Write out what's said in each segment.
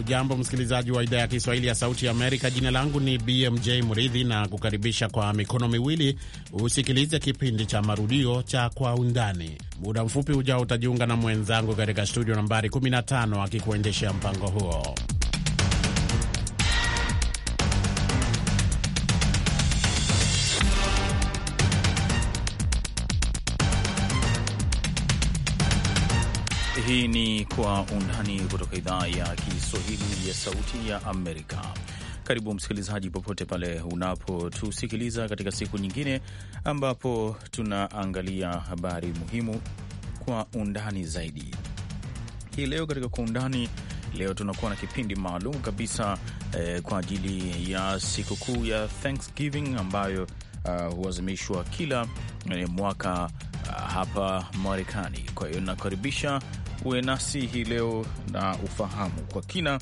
Hujambo msikilizaji wa idhaa ya Kiswahili ya Sauti ya Amerika. Jina langu ni BMJ Mridhi na kukaribisha kwa mikono miwili usikilize kipindi cha marudio cha Kwa Undani. Muda mfupi ujao utajiunga na mwenzangu katika studio nambari 15 akikuendeshea mpango huo. Hii ni Kwa Undani kutoka idhaa ya Kiswahili ya Sauti ya Amerika. Karibu msikilizaji, popote pale unapotusikiliza katika siku nyingine ambapo tunaangalia habari muhimu kwa undani zaidi. Hii leo katika Kwa Undani, leo tunakuwa na kipindi maalum kabisa eh, kwa ajili ya sikukuu ya Thanksgiving ambayo ah, huazimishwa kila eh, mwaka ah, hapa Marekani. Kwa hiyo nakaribisha uwe nasi hii leo na ufahamu kwa kina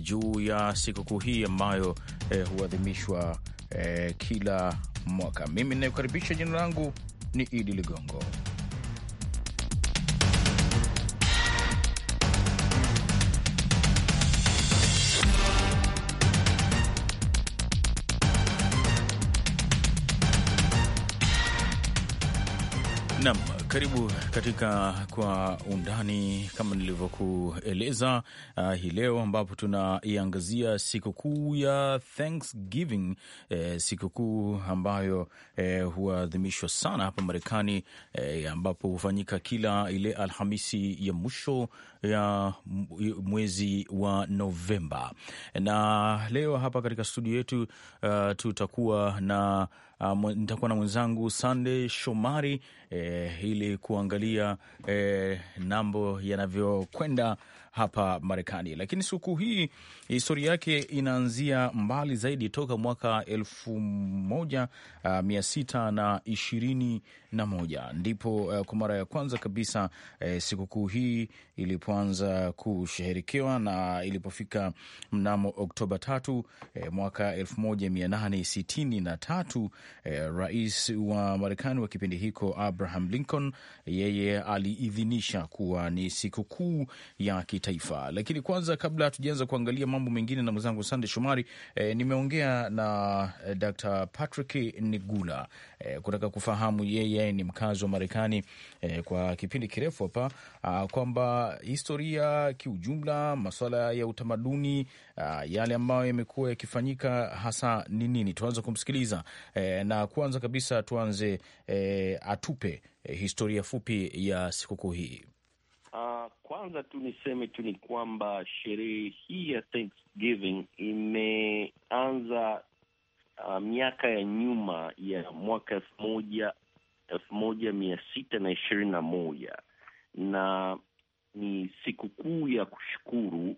juu ya sikukuu hii ambayo eh, huadhimishwa eh, kila mwaka. Mimi ninayokaribisha, jina langu ni Idi Ligongo. Nam karibu katika Kwa Undani, kama nilivyokueleza uh, hii leo ambapo tunaiangazia sikukuu ya Thanksgiving eh, sikukuu ambayo eh, huadhimishwa sana hapa Marekani eh, ambapo hufanyika kila ile Alhamisi ya mwisho ya mwezi wa Novemba. Na leo hapa katika studio yetu uh, tutakuwa na uh, nitakuwa na mwenzangu Sande Shomari eh, ili kuangalia eh, nambo yanavyokwenda hapa Marekani. Lakini suku hii historia yake inaanzia mbali zaidi, toka mwaka elfu moja uh, mia sita na ishirini na moja ndipo uh, kwa mara ya kwanza kabisa uh, sikukuu hii ilipoanza kusheherekewa na ilipofika mnamo Oktoba tatu uh, mwaka elfu moja mia nane sitini na tatu uh, rais wa Marekani wa kipindi hiko Abraham Lincoln yeye aliidhinisha kuwa ni sikukuu ya kita taifa. Lakini kwanza, kabla hatujaanza kuangalia mambo mengine na mwenzangu Sande Shomari, e, nimeongea na eh, Dr. Patrick Nigula e, kutaka kufahamu yeye ni mkazi wa Marekani e, kwa kipindi kirefu hapa ah, kwamba historia kiujumla, masuala ya utamaduni a, ah, yale ambayo yamekuwa yakifanyika hasa ni nini. Tuanze kumsikiliza e, na kwanza kabisa tuanze e, atupe historia fupi ya sikukuu hii kwanza tu niseme tu ni kwamba sherehe hii ya Thanksgiving imeanza uh, miaka ya nyuma ya mwaka elfu moja elfu moja mia sita na ishirini na moja na ni sikukuu ya kushukuru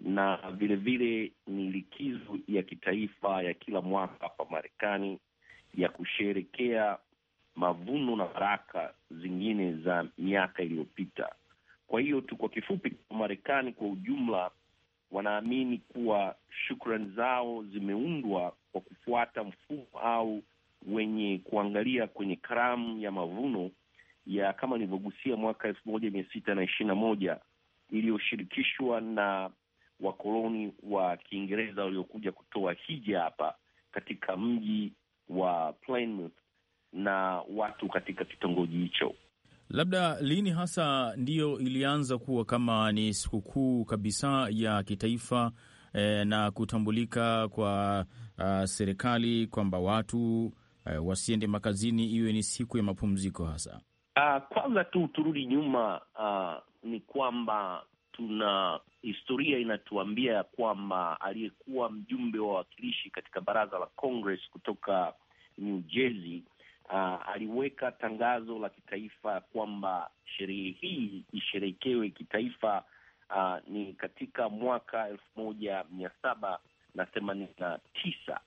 na vilevile ni likizo ya kitaifa ya kila mwaka hapa Marekani ya kusherekea mavuno na baraka zingine za miaka iliyopita. Kwa hiyo tu kwa kifupi, Marekani kwa ujumla wanaamini kuwa shukrani zao zimeundwa kwa kufuata mfumo au wenye kuangalia kwenye karamu ya mavuno ya kama nilivyogusia mwaka elfu moja mia sita na ishirini na moja iliyoshirikishwa na wakoloni wa Kiingereza waliokuja kutoa hija hapa katika mji wa Plymouth na watu katika kitongoji hicho. Labda lini hasa ndiyo ilianza kuwa kama ni sikukuu kabisa ya kitaifa e, na kutambulika kwa uh, serikali kwamba watu eh, wasiende makazini, iwe ni siku ya mapumziko hasa? Uh, kwanza tu turudi nyuma, uh, ni kwamba tuna historia inatuambia ya kwamba aliyekuwa mjumbe wa wawakilishi katika baraza la Congress kutoka New Jersey uh, aliweka tangazo la kitaifa kwamba sherehe hii isherekewe kitaifa uh, ni katika mwaka elfu moja mia saba na themanini na tisa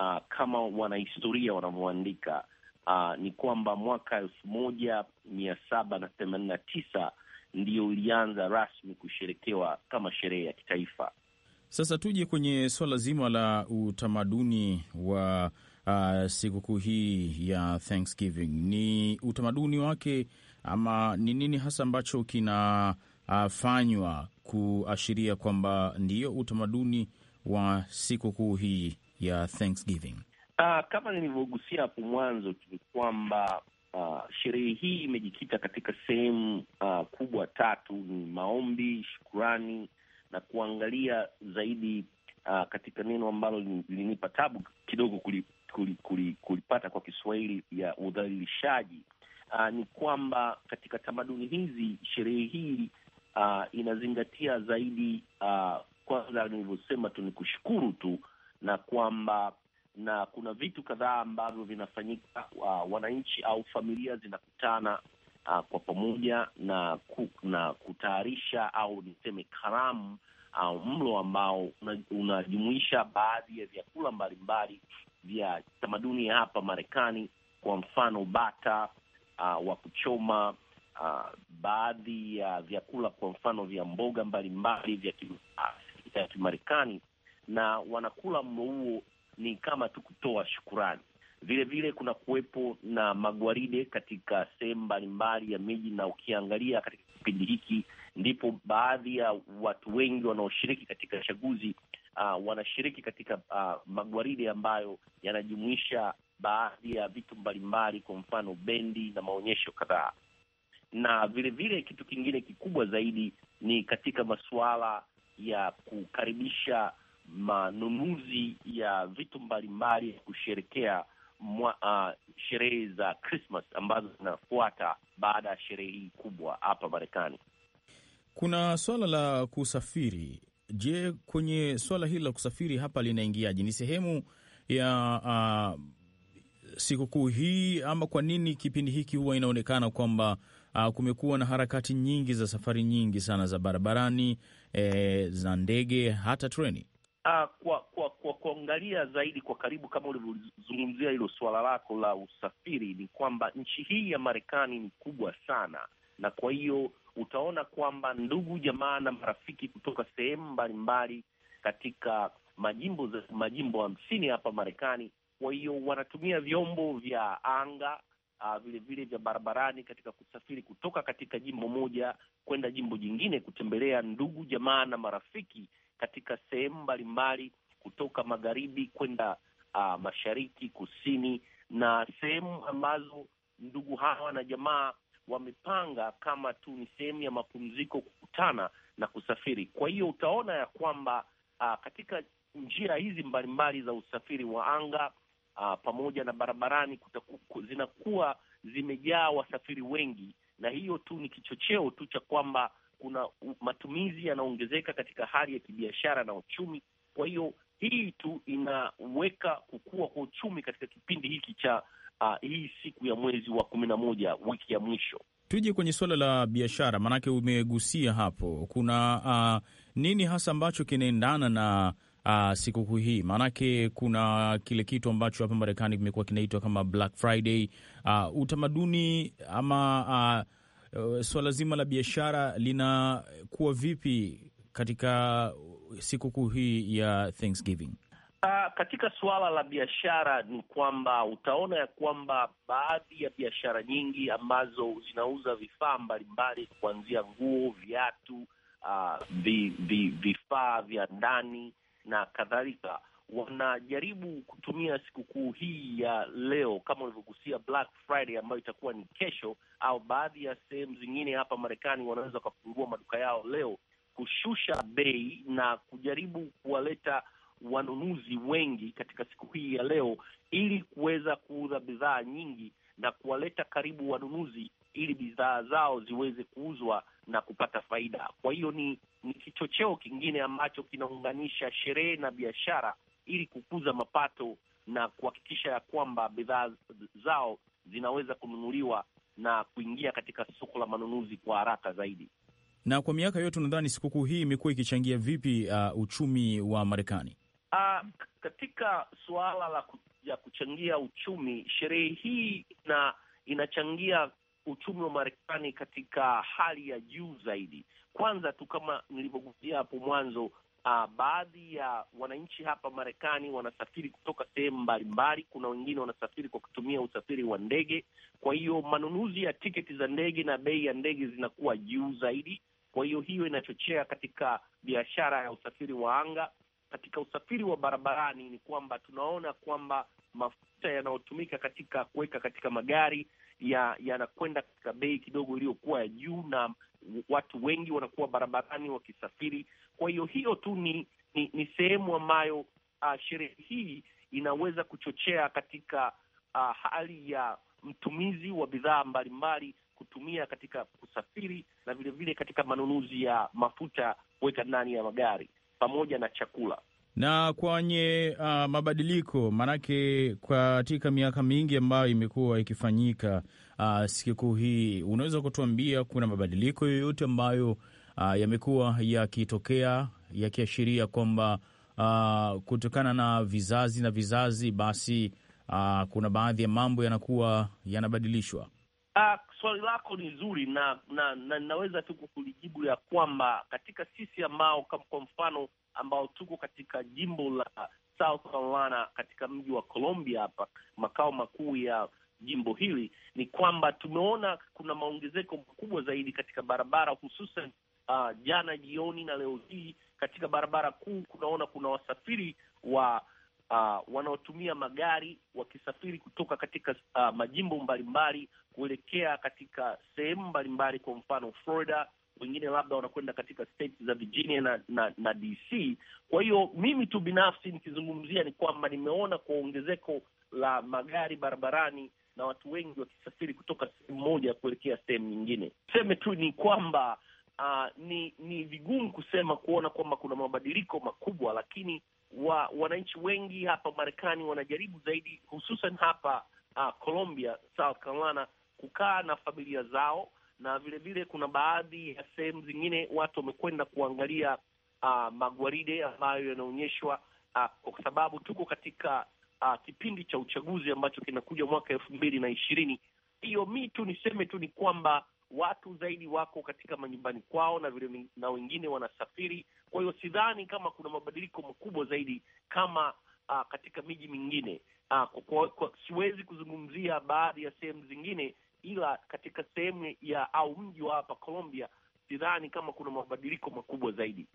uh, kama wanahistoria wanavyoandika uh, ni kwamba mwaka elfu moja mia saba na themanini na tisa ndiyo ilianza rasmi kusherekewa kama sherehe ya kitaifa. Sasa tuje kwenye swala zima la utamaduni wa uh, sikukuu hii ya Thanksgiving ni utamaduni wake ama ni nini hasa ambacho kinafanywa ah, uh, kuashiria kwamba ndiyo utamaduni wa sikukuu hii ya Thanksgiving? Uh, kama nilivyogusia hapo mwanzo tu kwamba uh, sherehe hii imejikita katika sehemu uh, kubwa tatu: ni maombi, shukurani na kuangalia zaidi uh, katika neno ambalo lilinipa tabu kidogo kulipata kwa Kiswahili ya udhalilishaji uh, ni kwamba katika tamaduni hizi sherehe hii uh, inazingatia zaidi uh, kwanza nilivyosema tu ni kushukuru tu na kwamba na kuna vitu kadhaa ambavyo vinafanyika. Uh, wananchi au familia zinakutana uh, kwa pamoja na, ku, na kutayarisha au niseme karamu au mlo ambao unajumuisha una baadhi ya vyakula mbalimbali vya tamaduni hapa Marekani, kwa mfano bata uh, wa kuchoma uh, baadhi ya uh, vyakula kwa mfano vya mboga mbalimbali vya uh, Kimarekani, na wanakula mlo huo ni kama tu kutoa shukurani. Vilevile kuna kuwepo na magwaride katika sehemu mbalimbali ya miji, na ukiangalia katika kipindi hiki ndipo baadhi ya watu wengi wanaoshiriki katika chaguzi uh, wanashiriki katika uh, magwaridi ambayo yanajumuisha baadhi ya vitu mbalimbali, kwa mfano bendi na maonyesho kadhaa. Na vilevile kitu kingine kikubwa zaidi ni katika masuala ya kukaribisha manunuzi ya vitu mbalimbali ya kusherekea uh, sherehe za Christmas ambazo zinafuata baada ya sherehe hii kubwa hapa Marekani. Kuna swala la kusafiri Je, kwenye suala hili la kusafiri hapa linaingiaje? Ni sehemu ya uh, sikukuu hii ama kwa nini kipindi hiki huwa inaonekana kwamba uh, kumekuwa na harakati nyingi za safari nyingi sana za barabarani eh, za ndege hata treni? Uh, kwa kwa kwa kuangalia zaidi kwa karibu, kama ulivyozungumzia hilo suala lako la usafiri, ni kwamba nchi hii ya Marekani ni kubwa sana na kwa hiyo utaona kwamba ndugu jamaa na marafiki kutoka sehemu mbalimbali katika majimbo majimbo hamsini hapa Marekani. Kwa hiyo wanatumia vyombo vya anga vilevile ah, vile vya barabarani katika kusafiri kutoka katika jimbo moja kwenda jimbo jingine kutembelea ndugu jamaa na marafiki katika sehemu mbalimbali kutoka magharibi kwenda uh, mashariki, kusini na sehemu ambazo ndugu hawa na jamaa wamepanga kama tu ni sehemu ya mapumziko kukutana na kusafiri. Kwa hiyo utaona ya kwamba uh, katika njia hizi mbalimbali za usafiri wa anga uh, pamoja na barabarani kutaku, zinakuwa zimejaa wasafiri wengi, na hiyo tu ni kichocheo tu cha kwamba kuna matumizi yanaongezeka katika hali ya kibiashara na uchumi. Kwa hiyo hii tu inaweka kukua kwa uchumi katika kipindi hiki cha uh, hii siku ya mwezi wa kumi na moja wiki ya mwisho. Tuje kwenye suala la biashara, maanake umegusia hapo. Kuna uh, nini hasa ambacho kinaendana na uh, sikukuu hii? Maanake kuna kile kitu ambacho hapa Marekani kimekuwa kinaitwa kama Black Friday. Uh, utamaduni ama uh, eh, suala zima la biashara linakuwa vipi katika sikukuu hii ya Thanksgiving? Uh, katika suala la biashara ni kwamba utaona ya kwamba baadhi ya biashara nyingi ambazo zinauza vifaa mbalimbali kuanzia nguo, viatu, uh, vi, vi, vifaa vya ndani na kadhalika wanajaribu kutumia sikukuu hii ya leo kama ulivyogusia Black Friday ambayo itakuwa ni kesho, au baadhi ya sehemu zingine hapa Marekani wanaweza wakafungua maduka yao leo, kushusha bei na kujaribu kuwaleta wanunuzi wengi katika siku hii ya leo, ili kuweza kuuza bidhaa nyingi na kuwaleta karibu wanunuzi, ili bidhaa zao ziweze kuuzwa na kupata faida. Kwa hiyo ni, ni kichocheo kingine ambacho kinaunganisha sherehe na biashara ili kukuza mapato na kuhakikisha ya kwamba bidhaa zao zinaweza kununuliwa na kuingia katika soko la manunuzi kwa haraka zaidi. Na kwa miaka yote, unadhani sikukuu hii imekuwa ikichangia vipi uh, uchumi wa Marekani? Uh, katika suala la ya kuchangia uchumi, sherehe hii ina, inachangia uchumi wa Marekani katika hali ya juu zaidi. Kwanza tu kama nilivyogusia hapo mwanzo, uh, baadhi ya wananchi hapa Marekani wanasafiri kutoka sehemu mbalimbali. Kuna wengine wanasafiri kwa kutumia usafiri wa ndege, kwa hiyo manunuzi ya tiketi za ndege na bei ya ndege zinakuwa juu zaidi. Kwa hiyo hiyo inachochea katika biashara ya usafiri wa anga katika usafiri wa barabarani ni kwamba tunaona kwamba mafuta yanayotumika katika kuweka katika magari yanakwenda ya katika bei kidogo iliyokuwa ya juu, na watu wengi wanakuwa barabarani wakisafiri. Kwa hiyo hiyo tu ni, ni, ni sehemu ambayo uh, sherehe hii inaweza kuchochea katika uh, hali ya mtumizi wa bidhaa mbalimbali kutumia katika kusafiri na vilevile vile katika manunuzi ya mafuta kuweka ndani ya magari pamoja na chakula na kwenye uh, mabadiliko maanake, katika miaka mingi ambayo imekuwa ikifanyika uh, sikukuu hii, unaweza kutuambia kuna mabadiliko yoyote ambayo uh, yamekuwa yakitokea yakiashiria kwamba uh, kutokana na vizazi na vizazi, basi uh, kuna baadhi ya mambo yanakuwa yanabadilishwa? Uh, swali lako ni zuri na na, na naweza tu kulijibu ya kwamba katika sisi ambao kwa mfano ambao tuko katika jimbo la South Carolina katika mji wa Columbia hapa makao makuu ya jimbo hili ni kwamba tumeona kuna maongezeko makubwa zaidi katika barabara hususan, uh, jana jioni na leo hii katika barabara kuu kunaona kuna wasafiri wa uh, wanaotumia magari wakisafiri kutoka katika uh, majimbo mbalimbali kuelekea katika sehemu mbalimbali, kwa mfano Florida, wengine labda wanakwenda katika states za Virginia na, na, na DC. Kwa hiyo mimi tu binafsi nikizungumzia ni kwamba nimeona kwa ongezeko la magari barabarani na watu wengi wakisafiri kutoka sehemu moja kuelekea sehemu nyingine. Tuseme tu ni kwamba uh, ni ni vigumu kusema kuona kwamba kuna mabadiliko makubwa, lakini wa wananchi wengi hapa Marekani wanajaribu zaidi, hususan hapa uh, South Carolina, kukaa na familia zao, na vilevile vile kuna baadhi ya sehemu zingine watu wamekwenda kuangalia uh, magwaride ambayo yanaonyeshwa uh, kwa sababu tuko katika uh, kipindi cha uchaguzi ambacho kinakuja mwaka elfu mbili na ishirini. Hiyo mi tu niseme tu ni kwamba watu zaidi wako katika manyumbani kwao na vile na wengine wanasafiri. Kwa hiyo sidhani kama kuna mabadiliko makubwa zaidi kama uh, katika miji mingine uh, kwa, kwa, kwa, siwezi kuzungumzia baadhi ya sehemu zingine, ila katika sehemu ya au mji wa hapa Colombia sidhani kama kuna mabadiliko makubwa zaidi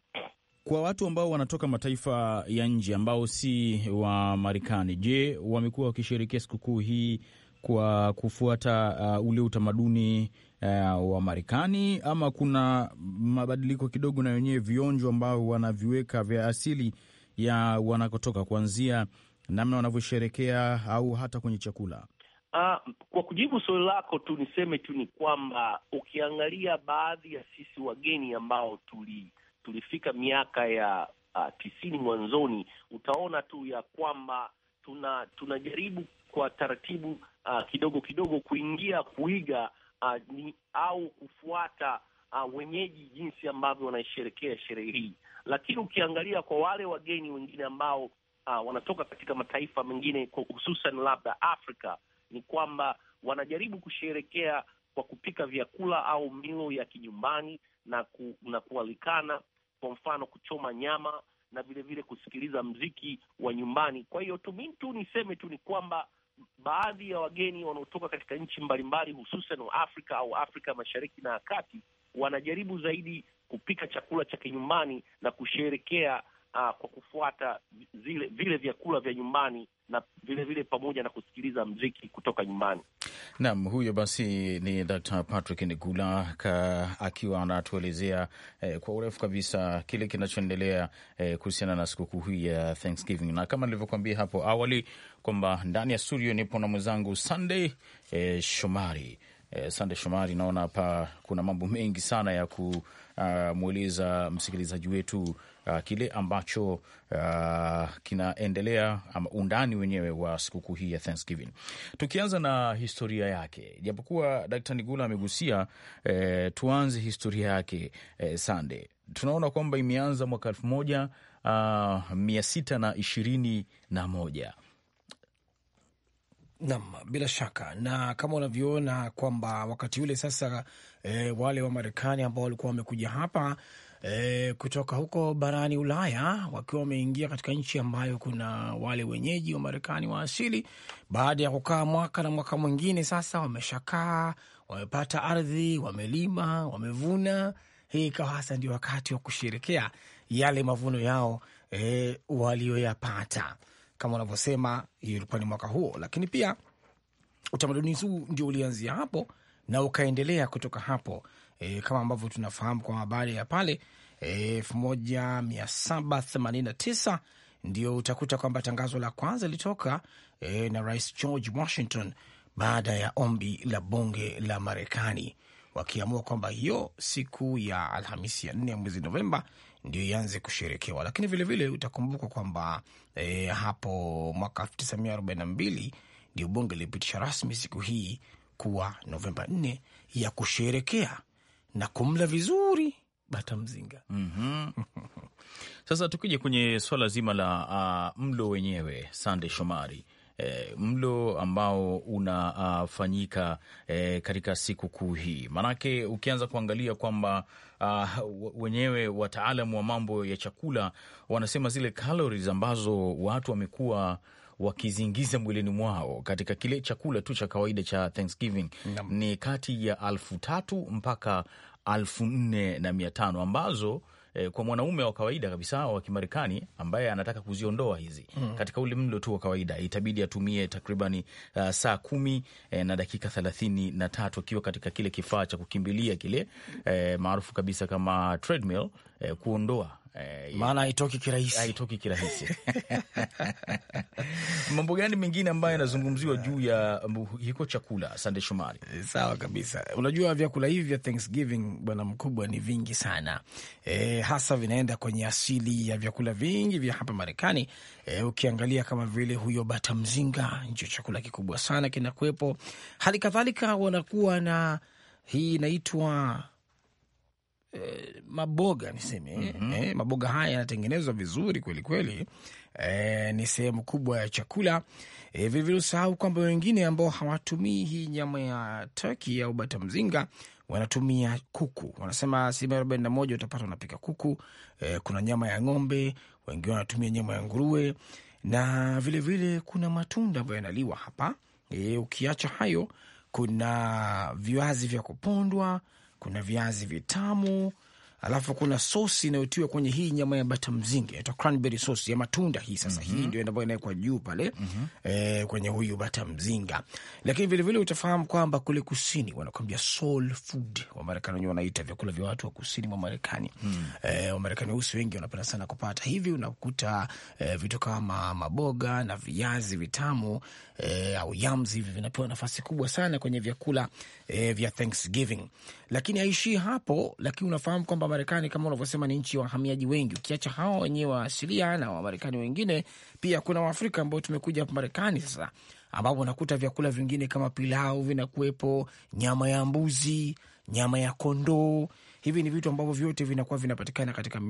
kwa watu ambao wanatoka mataifa ya nje ambao si wa Marekani. Je, wamekuwa wakisherekea sikukuu hii kwa kufuata uh, ule utamaduni uh, wa Marekani ama kuna mabadiliko kidogo na wenyewe vionjo ambao wanaviweka vya asili ya wanakotoka kuanzia namna wanavyosherekea au hata kwenye chakula? Uh, kwa kujibu swali lako tu niseme tu ni kwamba ukiangalia baadhi ya sisi wageni ambao tuli tulifika miaka ya uh, tisini mwanzoni, utaona tu ya kwamba tuna tunajaribu kwa taratibu uh, kidogo kidogo kuingia kuiga Uh, ni, au kufuata uh, wenyeji jinsi ambavyo wanaisherekea sherehe hii. Lakini ukiangalia kwa wale wageni wengine ambao uh, wanatoka katika mataifa mengine hususan labda Afrika ni kwamba wanajaribu kusherekea kwa kupika vyakula au milo ya kinyumbani na, ku, na kualikana kwa mfano kuchoma nyama na vilevile kusikiliza mziki wa nyumbani. Kwa hiyo tu niseme tu ni kwamba baadhi ya wageni wanaotoka katika nchi mbalimbali, hususan Afrika au Afrika Mashariki na Kati wanajaribu zaidi kupika chakula cha kinyumbani na kusherekea uh, kwa kufuata zile vile vyakula vya nyumbani na vile vile pamoja na kusikiliza mziki kutoka nyumbani. Naam, huyo basi ni Dr. Patrick Nigula akiwa anatuelezea eh, kwa urefu kabisa kile kinachoendelea eh, kuhusiana na sikukuu hii ya Thanksgiving, na kama nilivyokuambia hapo awali kwamba ndani ya studio nipo na mwenzangu Sunday eh, Shomari. Eh, Sunday Shomari, naona hapa kuna mambo mengi sana ya kumweleza ah, uh, msikilizaji wetu uh, kile ambacho uh, kinaendelea ama undani wenyewe wa sikukuu hii ya Thanksgiving. Tukianza na historia yake, japokuwa Dkt. Nigula amegusia eh, tuanze historia yake eh, Sande, tunaona kwamba imeanza mwaka elfu moja uh, mia sita na ishirini na moja. Nam, bila shaka na kama unavyoona kwamba wakati ule sasa e, wale wa Marekani ambao walikuwa wamekuja hapa e, kutoka huko barani Ulaya wakiwa wameingia katika nchi ambayo kuna wale wenyeji wa Marekani wa asili. Baada ya kukaa mwaka na mwaka mwingine, sasa wameshakaa, wamepata ardhi, wamelima, wamevuna. Hii ikawa hasa ndio wakati wa kusherekea yale mavuno yao e, walioyapata kama unavyosema, hiyo ilikuwa ni mwaka huo, lakini pia utamaduni huu ndio ulianzia hapo na ukaendelea kutoka hapo e, kama ambavyo tunafahamu kwa habari ya pale e, elfu moja mia saba themanini na tisa ndio utakuta kwamba tangazo la kwanza ilitoka e, na Rais George Washington baada ya ombi la bunge la Marekani wakiamua kwamba hiyo siku ya Alhamisi ya nne ya mwezi Novemba ndio ianze kusherekewa. Lakini vilevile utakumbuka kwamba e, hapo mwaka 1942 ndio bunge lilipitisha rasmi siku hii kuwa Novemba 4 ya kusherekea na kumla vizuri bata mzinga. mm -hmm. Sasa tukija kwenye swala zima la uh, mlo wenyewe, Sande Shomari. E, mlo ambao unafanyika e, katika sikukuu hii, maanake ukianza kuangalia kwamba uh, wenyewe wataalamu wa mambo ya chakula wanasema zile calories ambazo watu wamekuwa wakiziingiza mwilini mwao katika kile chakula tu cha kawaida cha Thanksgiving Nam. ni kati ya alfu tatu mpaka alfu nne na mia tano ambazo eh, kwa mwanaume wa kawaida kabisa wa Kimarekani ambaye anataka kuziondoa hizi mm. katika ule mlo tu wa kawaida itabidi atumie takribani uh, saa kumi eh, na dakika thelathini na tatu akiwa katika kile kifaa cha kukimbilia kile eh, maarufu kabisa kama treadmill eh, kuondoa eh, maana haitoki kirahisi, haitoki kirahisi. Mambo gani mengine ambayo yanazungumziwa juu ya hiko chakula, Sande Shomari? Eh, sawa kabisa. Unajua vyakula hivi vya Thanksgiving bwana mkubwa ni vingi sana e, hasa vinaenda kwenye asili ya vyakula vingi vya hapa Marekani. E, ukiangalia kama vile huyo bata mzinga, ndio chakula kikubwa sana kinakuwepo. Hali kadhalika wanakuwa na hii inaitwa Eh, maboga niseme mm -hmm. eh, maboga haya yanatengenezwa vizuri kweli kweli, eh, ni sehemu kubwa ya chakula eh, vilevile usahau kwamba wengine ambao hawatumii hii nyama ya turkey au bata mzinga wanatumia kuku. Wanasema asilimia arobaini na moja utapata wanapika kuku. Eh, kuna nyama ya ng'ombe, wengine wanatumia nyama ya nguruwe na vilevile vile kuna matunda ambayo yanaliwa hapa. E, ukiacha hayo kuna viazi vya kupondwa kuna viazi vitamu, alafu kuna sosi inayotiwa kwenye hii nyama ya bata mzinga inaitwa cranberry sauce ya matunda hii. Sasa mm -hmm. hii mhm. ndio ambayo inawekwa juu pale mm -hmm. eh, kwenye huyu bata mzinga. Lakini vilevile utafahamu kwamba kule kusini wanakwambia soul food, Wamarekani wenyewe wanaita vyakula vya watu wa kusini mwa Marekani mm -hmm. eh, Wamarekani weusi wengi wanapenda sana kupata hivi, unakuta eh, vitu kama maboga na viazi vitamu e, au yams hivi vinapewa nafasi kubwa sana kwenye vyakula e, vya Thanksgiving, lakini haishii hapo, lakini unafahamu kwamba Marekani kama unavyosema ni nchi ya wahamiaji wengi, ukiacha hao wenyewe wa asilia na Wamarekani wengine, pia kuna Waafrika ambao tumekuja hapa Marekani sasa, ambapo unakuta vyakula vingine kama pilau vinakuwepo, nyama ya mbuzi, nyama ya kondoo. Hivi ni vitu ambavyo vyote vinakuwa vinapatikana katika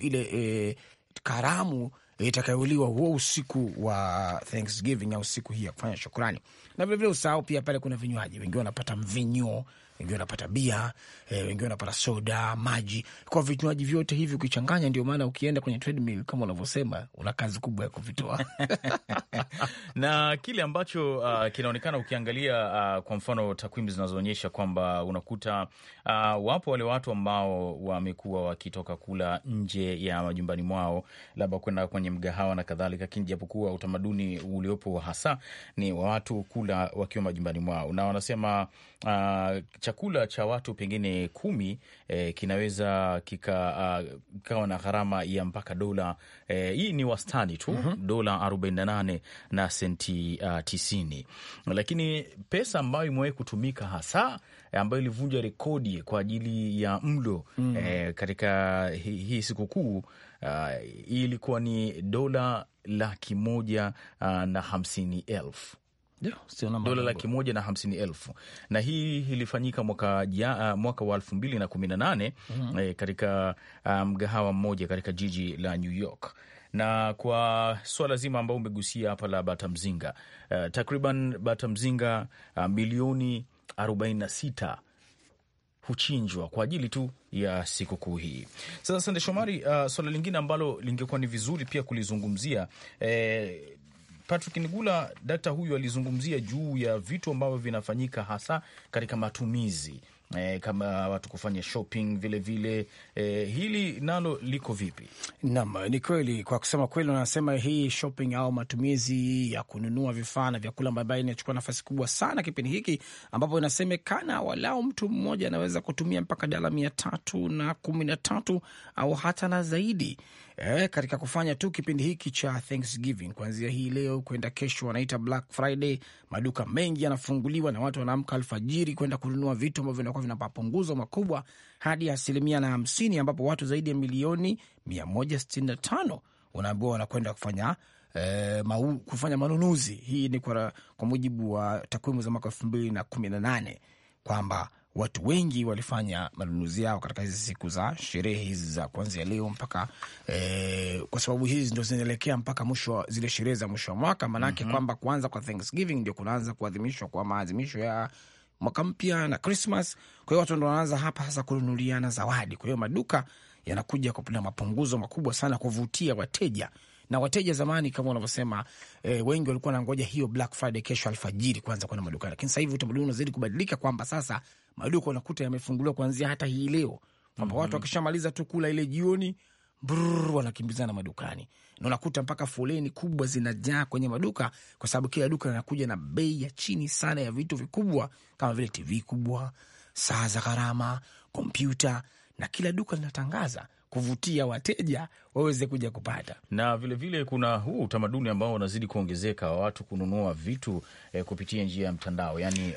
ile e, karamu itakayoliwa huo usiku wa Thanksgiving au siku hii ya kufanya shukurani. Na vilevile usahau pia pale kuna vinywaji, wengi wanapata mvinyo wengine wanapata bia e, eh, wengine wanapata soda, maji, kwa vinywaji vyote hivi ukichanganya. Ndio maana ukienda kwenye treadmill kama unavyosema, una kazi kubwa ya kuvitoa na kile ambacho uh, kinaonekana ukiangalia, uh, kwa mfano takwimu zinazoonyesha kwamba unakuta uh, wapo wale watu ambao wamekuwa wakitoka kula nje ya majumbani mwao, labda kwenda kwenye mgahawa na kadhalika, lakini japokuwa utamaduni uliopo hasa ni watu kula wakiwa majumbani mwao, na wanasema uh, chakula cha watu pengine kumi e, kinaweza ah, kikawa uh, kika na gharama ya mpaka dola e, hii ni wastani tu mm -hmm. dola 48 na senti uh, tisini, lakini pesa ambayo imewahi kutumika hasa ambayo ilivunja rekodi kwa ajili ya mlo mm -hmm. e, katika hii hi sikukuu uh, ah, ilikuwa ni dola laki moja uh, na hamsini elfu dola laki moja na hamsini elfu na hii ilifanyika mwaka, ah, mwaka wa elfu mbili na kumi na nane mm -hmm. E, katika ah, mgahawa um, mmoja katika jiji la New York na kwa swala zima ambao umegusia hapa la batamzinga uh, eh, takriban mzinga uh, milioni 46 huchinjwa kwa ajili tu ya sikukuu hii. Sasa Sande Shomari, uh, swala lingine ambalo lingekuwa ni vizuri pia kulizungumzia eh, Patrick Nigula, dakta huyu alizungumzia juu ya vitu ambavyo vinafanyika hasa katika matumizi E, kama watu kufanya shopping vilevile vile. E, hili nalo liko vipi? Naam, ni kweli kwa kusema kweli, wanasema hii shopping au matumizi ya kununua vifaa na vyakula mbalimbali inachukua nafasi kubwa sana kipindi hiki ambapo inasemekana walau mtu mmoja anaweza kutumia mpaka dala mia tatu na kumi na tatu au hata na zaidi eh, katika kufanya tu kipindi hiki cha Thanksgiving kuanzia hii leo kwenda kesho, wanaita Black Friday. Maduka mengi yanafunguliwa na watu wanaamka alfajiri kwenda kununua vitu ambavyo vinakuwa vina mapunguzo makubwa hadi asilimia na hamsini, ambapo watu zaidi ya milioni tano wanaambiwa wanakwenda kufanya E, mau, kufanya manunuzi. Hii ni kwa, kwa mujibu wa takwimu za mwaka elfu mbili na kumi na nane kwamba watu wengi walifanya manunuzi yao katika hizi siku za sherehe hizi za kuanzia leo mpaka e, kwa sababu hizi ndo zinaelekea mpaka mwisho zile sherehe za mwisho wa mwaka maanake, mm -hmm. kwamba kuanza kwa Thanksgiving ndio kunaanza kuadhimishwa kwa maadhimisho ya mwaka mpya na Christmas. Kwa hiyo watu ndo wanaanza hapa sasa kununuliana zawadi, kwa hiyo maduka yanakuja na mapunguzo makubwa sana kuvutia wateja na wateja zamani, kama unavyosema e, wengi walikuwa wanangoja hiyo Black Friday kesho alfajiri kwanza kwenda maduka, lakini sasa hivi utamaduni unazidi kubadilika kwamba sasa maduka unakuta yamefunguliwa kuanzia hata hii leo kwamba mm -hmm. watu wakishamaliza tu kula ile jioni wanakimbizana madukani na unakuta mpaka foleni kubwa zinajaa kwenye maduka, kwa sababu kila duka linakuja na bei ya chini sana ya vitu vikubwa kama vile TV kubwa, saa za gharama, kompyuta, na kila duka linatangaza kuvutia wateja waweze kuja kupata. Na vilevile vile kuna huu utamaduni ambao unazidi kuongezeka wa watu kununua vitu eh, kupitia njia ya mtandao yani.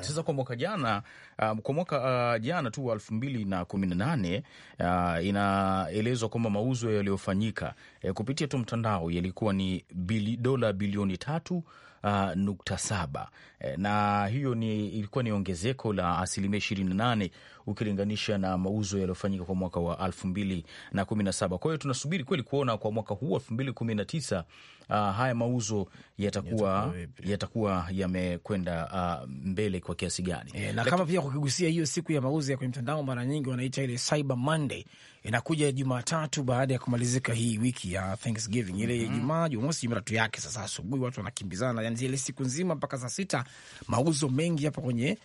Sasa kwa mwaka jana um, kwa mwaka uh, jana tu wa elfu mbili na kumi na nane uh, inaelezwa kwamba mauzo yaliyofanyika eh, kupitia tu mtandao yalikuwa ni bili, dola bilioni tatu uh, nukta saba Eh, na hiyo ni ilikuwa ni ongezeko la asilimia ishirini na nane ukilinganisha na mauzo yaliyofanyika kwa mwaka wa elfu mbili na kumi na saba. Kwa hiyo tunasubiri kweli kuona kwa mwaka huu elfu mbili kumi na tisa uh, haya mauzo yatakuwa yatakuwa yamekwenda uh, mbele kwa kiasi gani? E, na kama pia kukigusia hiyo siku ya mauzo ya kwenye mtandao, mara nyingi wanaita ile Cyber Monday inakuja Jumatatu baada ya kumalizika hii wiki ya Thanksgiving ile mm -hmm. Jumaa, Jumamosi, Jumatatu yake sasa asubuhi watu wanakimbizana, yani ile siku nzima mpaka saa sita mauzo mengi hapa kwenye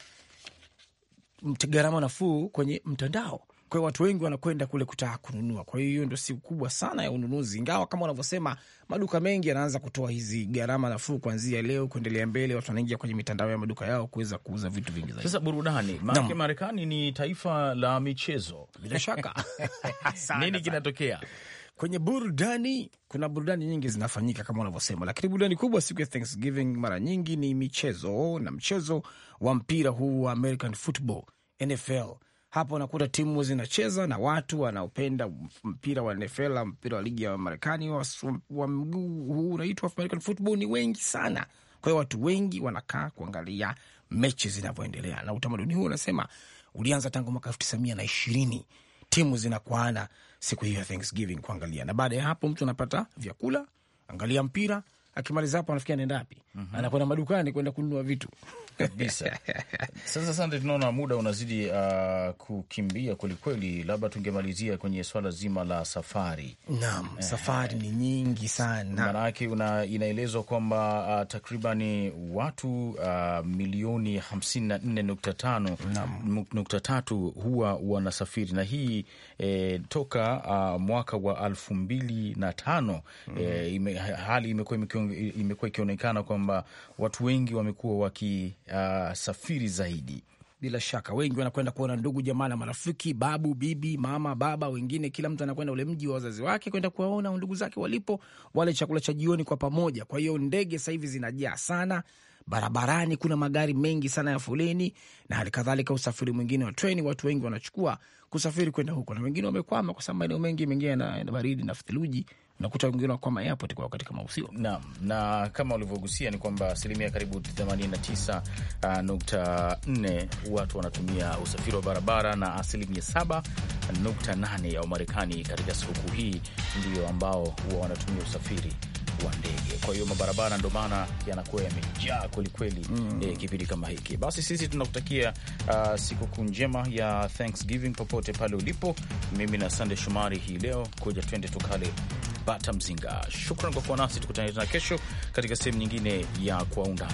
gharama nafuu kwenye mtandao. Kwa hiyo watu wengi wanakwenda kule kutaka kununua. Kwa hiyo hiyo ndio siku kubwa sana ya ununuzi, ingawa kama wanavyosema maduka mengi yanaanza kutoa hizi gharama nafuu kuanzia leo kuendelea mbele. Watu wanaingia kwenye mitandao ya maduka yao kuweza kuuza vitu vingi zaidi. Sasa burudani, maanake Marekani ni taifa la michezo bila shaka nini kinatokea kwenye burudani, kuna burudani nyingi zinafanyika kama unavyosema, lakini burudani kubwa siku ya Thanksgiving mara nyingi ni michezo, na mchezo wa mpira huu wa American football NFL. Hapa unakuta timu zinacheza na watu wanaopenda mpira wa NFL, mpira wa ligi ya Marekani wa, wa mguu huu unaitwa American football ni wengi sana. Kwa hiyo watu wengi wanakaa kuangalia mechi zinavyoendelea, na utamaduni huu unasema ulianza tangu mwaka elfu tisa mia na ishirini timu zinakuana siku hiyo ya Thanksgiving kuangalia, na baada ya hapo mtu anapata vyakula, angalia mpira akimaliza hapo anafikia anaenda wapi? mm -hmm. Anakwenda madukani kwenda kununua vitu kabisa. Sasa sande, tunaona muda unazidi uh, kukimbia kwelikweli, labda tungemalizia kwenye swala zima la safari. Naam, eh, safari ni nyingi eh, sana, maanake inaelezwa kwamba uh, takribani watu uh, milioni hamsini na nne nukta nukta tano tatu huwa wanasafiri na hii eh, toka uh, mwaka wa alfu mbili na tano mm -hmm. eh, ime, hali imekuwa imekuwa ikionekana kwamba watu wengi wamekuwa wakisafiri uh, zaidi. Bila shaka wengi wanakwenda kuona ndugu jamaa na marafiki, babu, bibi, mama, baba, wengine kila mtu anakwenda ule mji wa wazazi wake kwenda kuwaona ndugu zake walipo, wale chakula cha jioni kwa pamoja. Kwa hiyo ndege sasa hivi zinajaa sana barabarani, kuna magari mengi sana ya foleni na hali kadhalika usafiri mwingine wa treni. Watu wengi wanachukua kusafiri kwenda huko, na wengine wamekwama kwa sababu maeneo mengi mengine yana baridi na theluji, unakuta wengine wako kwama airport kwa katika kama naam. Na kama ulivyogusia ni kwamba asilimia karibu 89.4 ah, watu wanatumia usafiri wa barabara na asilimia 7.8 ya Wamarekani katika sikukuu hii ndio ambao huwa wanatumia usafiri wa ndege. Kwa hiyo mabarabara ndo maana yanakuwa yamejaa kwelikweli mm. E, kipindi kama hiki basi sisi tunakutakia uh, sikukuu njema ya Thanksgiving popote pale ulipo. Mimi na Sande Shomari hii leo kuja twende tukale bata mzinga. Shukran kwa kuwa nasi, tukutane tena kesho katika sehemu nyingine ya kwa undani.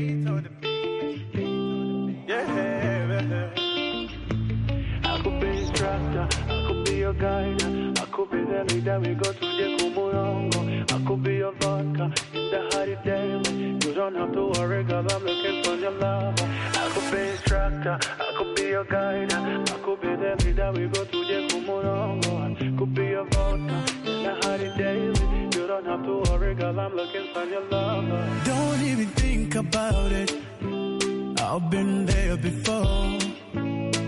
I could be your vodka in the hottie daily. You don't have to worry, girl, I'm looking for your lover. I could be instructor, I could be your guide. I could be the leader, we go to the Kumurongo. I could be your vodka in the hottie daily. You don't have to worry, girl, I'm looking for your lover. Don't even think about it. I've been there before.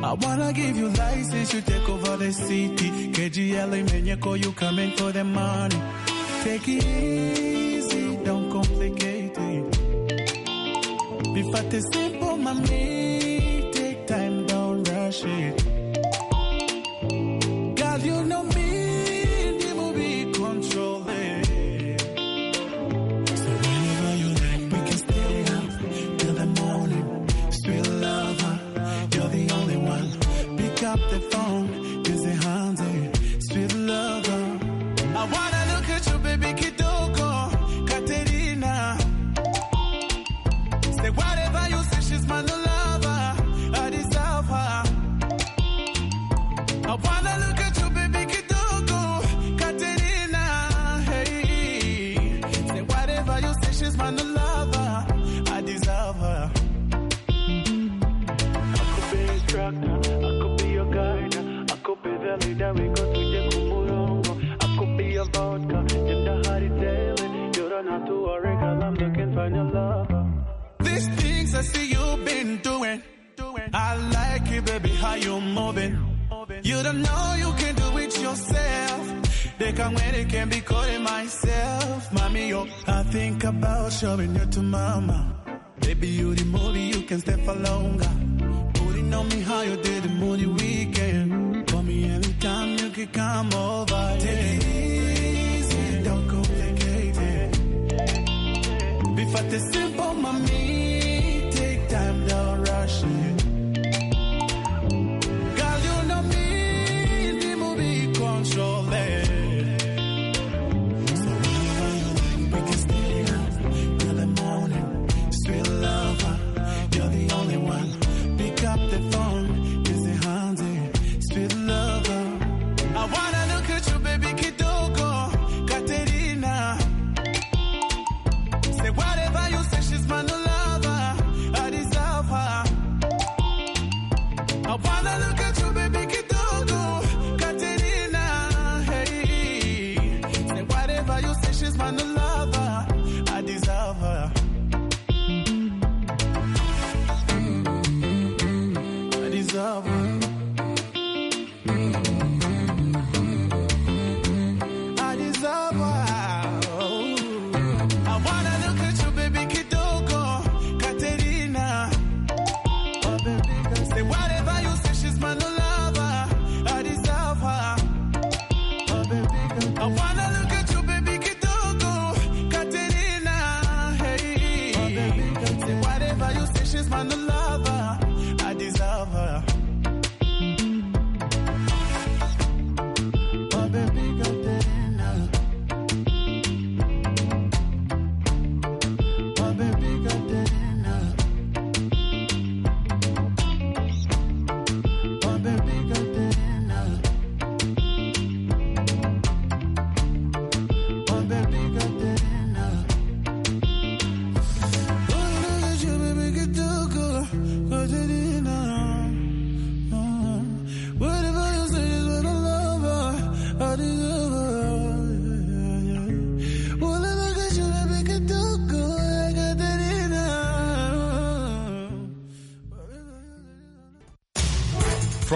I wanna give you license, you take over the city. KGL imenyeko, you coming for the money. Take it easy, don't complicate it. Be fat simple, my damigo tuye kumburongo Akupi a vodka, jenda hari tele Yura na tu a regalam looking for your lover These things I see you've been doing I like it baby how you moving You don't know you can do it yourself they come when they can be calling myself Mommy, yo I think about showing you to mama Baby, you the movie, you can stay for longer Putting on me how you did the movie weekend could come over. Take it simple, mommy. she's my lover.